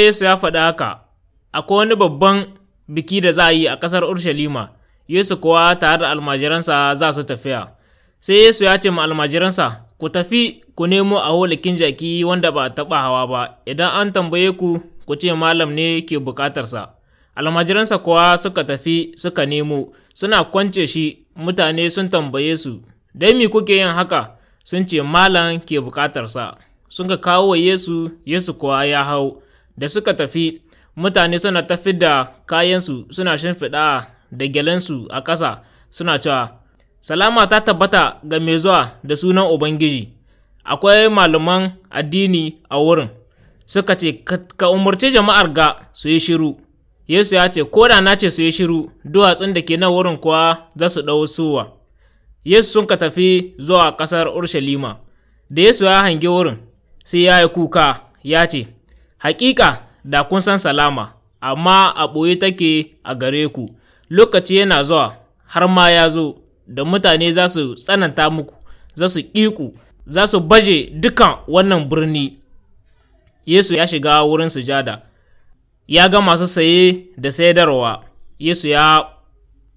ta Yesu ya faɗa haka, akwai wani babban biki da za a yi a ƙasar Urshalima, Yesu kuwa tare da almajiransa za su tafiya. Sai Yesu ya ce ma almajiransa, Ku tafi ku nemo a holikin jaki wanda ba a taɓa hawa ba, idan an tambaye ku, ku ce malam ne ke bukatarsa. Almajiransa kuwa suka tafi suka nemo, suna kwance shi mutane sun tambaye su, Dai me kuke yin haka? Sun ce malam ke bukatarsa. Sun ka kawo wa Yesu, Yesu kuwa ya hau. da suka tafi mutane suna tafi da kayansu suna shimfiɗa da gyalensu a ƙasa suna cewa salama ta tabbata ga mai zuwa da sunan ubangiji akwai malaman addini a wurin suka ce ka umarci jama'ar ga su yi shiru yesu ya ce ko da na ce su yi shiru duwatsun da ke nan wurin kuwa za su ɗau suwa yesu sun ka tafi zuwa ƙasar urshalima da yesu ya hangi wurin sai ya yi kuka ya ce Hakika da kun san salama, amma a ɓoye take a gare ku, lokaci yana zuwa, har ma ya zo, da mutane za su tsananta muku, za su ƙiƙu, za su baje dukan wannan birni. Yesu ya shiga wurin sujada, ya ga masu saye da sayarwa, Yesu ya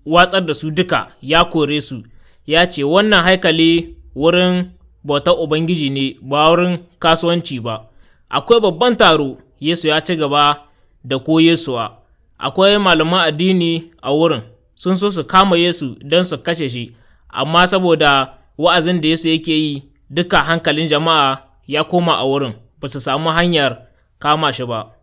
watsar da su duka, ya kore su, ya ce, Wannan haikali wurin bautar Ubangiji ne, ba wurin kasuwanci ba. akwai babban taro yesu ya ci gaba da ko yesuwa akwai malaman addini a wurin sun so su kama yesu don su kashe shi amma saboda wa'azin da yesu yake yi duka hankalin jama'a ya koma a wurin ba su samu hanyar kama shi ba